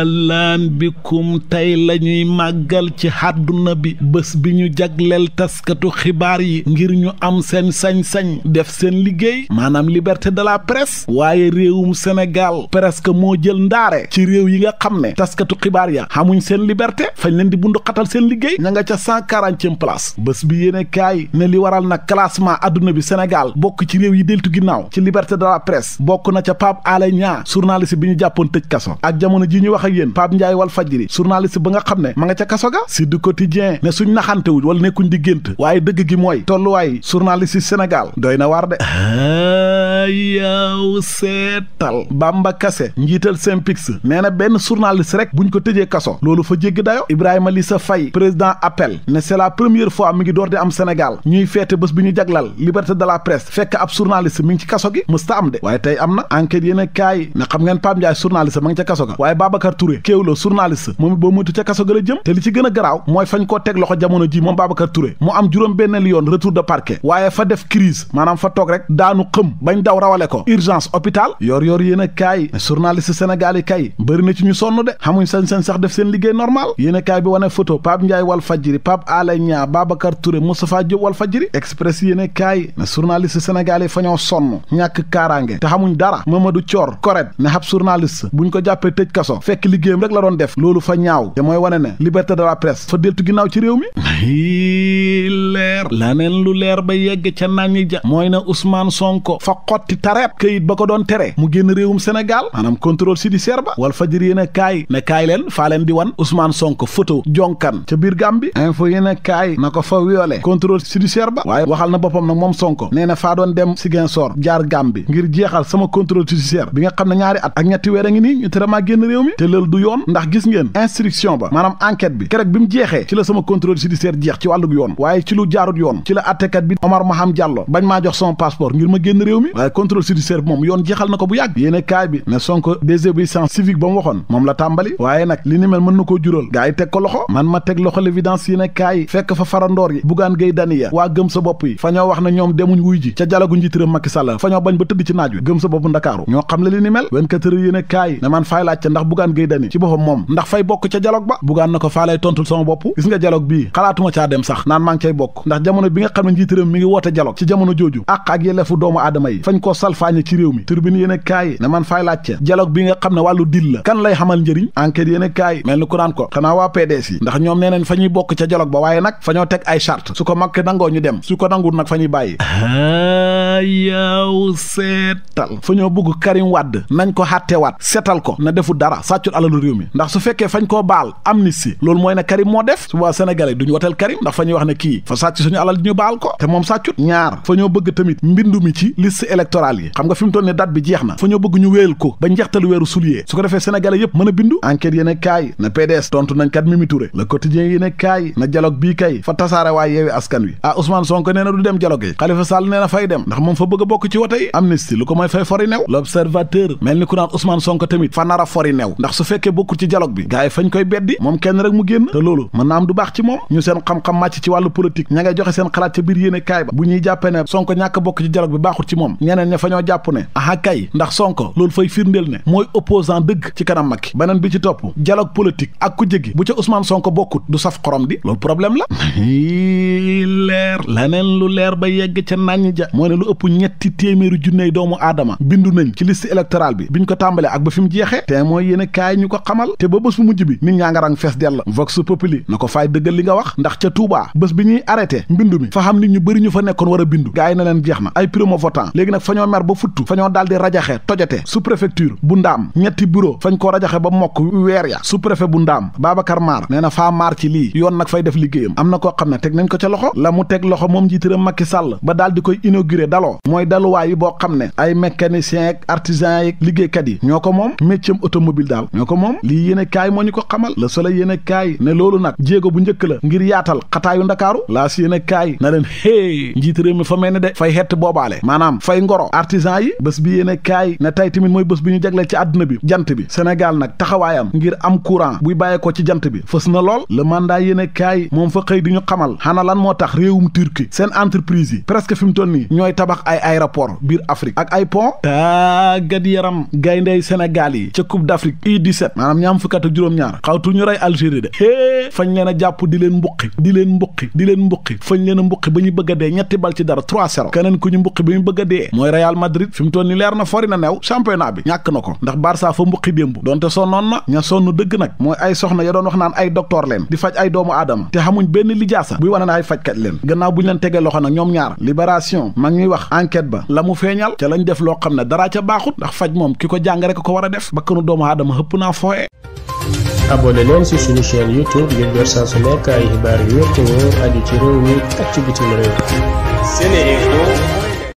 ahlan bikum tey la ñuy màggal ci àdduna bi bés bi ñu jagleel taskatu xibaar yi ngir ñu am seen sañ-sañ def seen liggéey maanaam liberte de la presse waaye réewum Sénégal presque moo jël ndaare ci réew yi nga xam ne taskatu xibaar ya xamuñ seen liberté fañ leen di bundu xatal seen liggéey ña nga ca cent quarantième place bés bi yéene kaay ne li waral nag classement àdduna bi Sénégal bokk ci réew yi deltu ginnaaw ci liberté de la bokk na ca Pape Alé Niang journaliste bi ñu jàppoon tëj ak yéen Pape Ndiaye wal fajri journaliste ba nga xam ne ma nga ca kaso ga si du quotidien ne suñ naxantewuñ wala nekkuñ di gént waaye dëgg gi mooy tolluwaay journaliste yi Sénégal doy na waar de ah. yaaw seetal Bamba Kassé njiital Synpics nee na benn journaliste rek buñ ko tëjee kaso loolu fa jéggi dayo Ibrahima Lissa Faye président appel ne c'est la première fois mi ngi door di am Sénégal ñuy feete bés bi ñu jaglal liberté de la presse fekk ab journaliste mi ngi ci kaso gi mësta am de waaye tey am na enquête yéen a kaay na xam ngeen Pape Ndiaye journaliste ma ngi ca kaso ga waaye Babacar Touré kéew la journaliste moom boo mutu ca kaso ga la jëm te a garaaw mooy fañ koo teg moom Babacar Touré mu am juróom benn yoon retour daw rawale ko urgence hôpital yor yor yéen a kaay journaliste Sénégal yi kay bëri na ci ñu sonn de xamuñ sañ sax def seen liggéey normal yéen a kaay bi wane photo Pape Ndiaye wal fajiri Pape Alé Niang Babacar Touré Moustapha Diop wal fajiri express yéen a kaay ne journaliste Sénégal yi sonn ñàkk kaaraange te xamuñ dara Mamadou Thior koret ne xab journaliste buñ ko jàppee tëj kaso fekk liggéeyam rek la doon def loolu fa ñaaw te mooy wane ne liberté de la presse fa deltu ba yegg ca nañ ti tareet kayit ba ko doon tere mu génn réewum Sénégal maanaam contrôle judiciaire ba wal fajër yéen a kaay ne kaay leen faa leen di wan son Sonko photo jonkan ca biir Gàmbi info yéen a kaay na ko fa wiole contrôle judiciaire ba waaye waxal na boppam nag moom Sonko nee na faa doon dem Ziguinchor jaar Gàmbi ngir jeexal sama contrôle judiciaire bi nga xam ne ñaari at ak ñetti weer a ngi nii ñu tere maa génn réew mi te loolu du yoon ndax gis ngeen instruction ba maanaam enquête bi keroog bi mu jeexee ci la sama contrôle judiciaire jeex ci wàllug yoon waaye ci lu jaarut yoon ci la attekat bi Omar Maham bañ maa jox sama passeport ngir ma génn réew mi contrôle judiciaire bi moom yoon jeexal na ko bu yàgg yéene kaay bi ne Sonko désobéissance civique ba mu waxoon moom la tàmbali waaye nag li ni mën na koo jural gaa yi teg ko loxo man ma teg loxo l'évidence yéene kaay fekk fa farandoor yi Bougane Gueye Dany ya waa gëm sa bopp yi fa ñoo wax na ñoom demu wuy ji ca jalagu njiitëram Macky Sall fa ñoo bañ ba tëdd ci naaj wi gëm sa bopp ndakaaru ñoo xam le li ni mel 24 heures kaay ne man faay laaj ca ndax Bougane Gueye Dany bokk ca dialogue ba Bougane na ko faa lay tontul bopp gis nga dialogue xalaatuma caa dem sax naan maa ngi cay bokk ndax jamono bi nga xam ne njiitëram mi ngi woote dialogue jamono jooju àq ak yelleefu doomu yi fañ dañ ko salfaañe ci réew mi turbine yéen a ne man fay laajte dialogue bi nga xam ne wàllu dil la kan lay xamal njëriñ enquête yéen a kaay mel ni ku naan ko xanaa waa PDS yi ndax ñoom nee nañ fa bokk ca dialogue ba waaye nag fa ñoo teg ay charte su ko makk nangoo ñu dem su ko nangul nag fa ñuy bàyyi yaaw seetal fa ñoo bëgg Karim Wade nañ ko xàttewaat seetal ko na defu dara sàccul alalu réew mi ndax su fekkee fañ koo baal amnistie loolu mooy na ka moo def su boobaa sénégalais duñu woteel Karim ndax ñu baal ko te moom sàccut ñaar fa ñoo bëgg tamit mbindu mi électorale yi xam nga fi mu toll bi jeex na fa ñoo bëgg ñu wéyal ko ba njeextalu weeru sulyee su ko defee sénégalais yépp mën a bindu enquête yéen kaay na PDS tontu nañ kat Mimi Touré le quotidien yéen kaay na dialogue bii kay fa tasaare waay yeewi askan wi ah Ousmane Sonko nee na du dem dialogue yi Khalifa Sall nee na fay dem ndax moom fa bëgg a bokk ci wote yi amnistie lu ko mooy fay fori new l'observateur mel ni ku naan Sonko tamit fa nar fori new ñeneen ña fa ñoo jàpp ne aha kay ndax Sonko loolu fay firndeel ne mooy opposant dëgg ci kanam Macky beneen bi ci topp dialogue politique ak ku jégi bu ca Ousmane Sonko bokkut du saf xorom di loolu problème la leer laneen lu leer ba yegg ca nañ ja moo ne lu ëpp ñetti téeméeri junney doomu aadama bindu nañ ci liste électorale bi biñ ko tàmbalee ak ba fi mu jeexee te mooy yéen a kaay ñu ko xamal te ba bés bu mujj bi nit ñaa nga rang fees dell vox na ko faay dëggal li nga wax ndax ca Touba bés bi ñuy arrêté mbindu mi fa xam nit ñu bëri ñu fa nekkoon war a bindu gars yi na leen jeex na ay primo votant léegi nag fa ñoo mer ba futtu fa ñoo daal di rajaxe tojate sous préfecture bu ndaam ñetti bureau fañ ko rajaxe ba mokk weer ya sous préfet bu ndaam Babacar Mar nee na faa maar ci yoon nag fay def liggéeyam am na koo xam ne teg nañ ko ca loxo la mu teg loxo moom njiitu réew Macky Sall ba daal di koy inauguré daloo mooy daluwaay yi boo xam ne ay mécaniciens ak artisans yi liggéeykat yi ñoo ko moom métier automobile daal ñoo ko moom lii yéen kaay moo ñu ko xamal Le Soleil yéen kaay ne loolu nag jéego bu njëkk la ngir yaatal xataayu ndakaaru laas yéen kaay na leen hé njiitu réew mi fa mel ne de fay xett boobaale maanaam fay ngoro artisan yi bés bi yéen kaay ne tey tamit mooy bés bi ñu jagle ci àdduna bi jant bi Sénégal nag taxawaayam ngir am courant buy bàyyee ko ci jant bi fës na lool le mandat yéen kaay moom fa xëy ñu xamal xana lan moo tax réewum Turquie seen entreprise yi presque fi mu toll nii ñooy tabax ay aéroport biir Afrique ak ay pont tàggat yaram gayndey Sénégal yi ca Coupe d'Afrique di 17 maanaam ñaam fukkat juróom-ñaar xawtu ñu rey Algérie de hee fañ leen a jàpp di leen mbuqi di leen mbuqi di leen mbuqi fañ leen a mbuqi ba ñu bëgg a dee ñetti bal ci dara 3-0 keneen ku ñu mbuqi ba ñu bëgg a dee mooy Real Madrid fi mu toll leer na fori na neew championnat bi ñàkk na ko ndax Barça fa mbuqi démb donte na ña sonn dëgg nag mooy wax naan ay docteur leen di faj ay doomu aadama te xamuñ benn lijaasa buy gannaaw bu ñu leen tegee loxo nag ñoom ñaar libération mag ñuy wax enquête ba la mu feeñal ca lañ def loo xam ne dara ca baaxut ndax faj moom ki ko jàng rek ko war a def ba bakkanu doomu aadama xëpp naa fooye abonné leen ci suñu chaîne youtube ngir jot saa su nekk ay xibaar yu wér te wóor aju ci réew mi ak ci bitim réew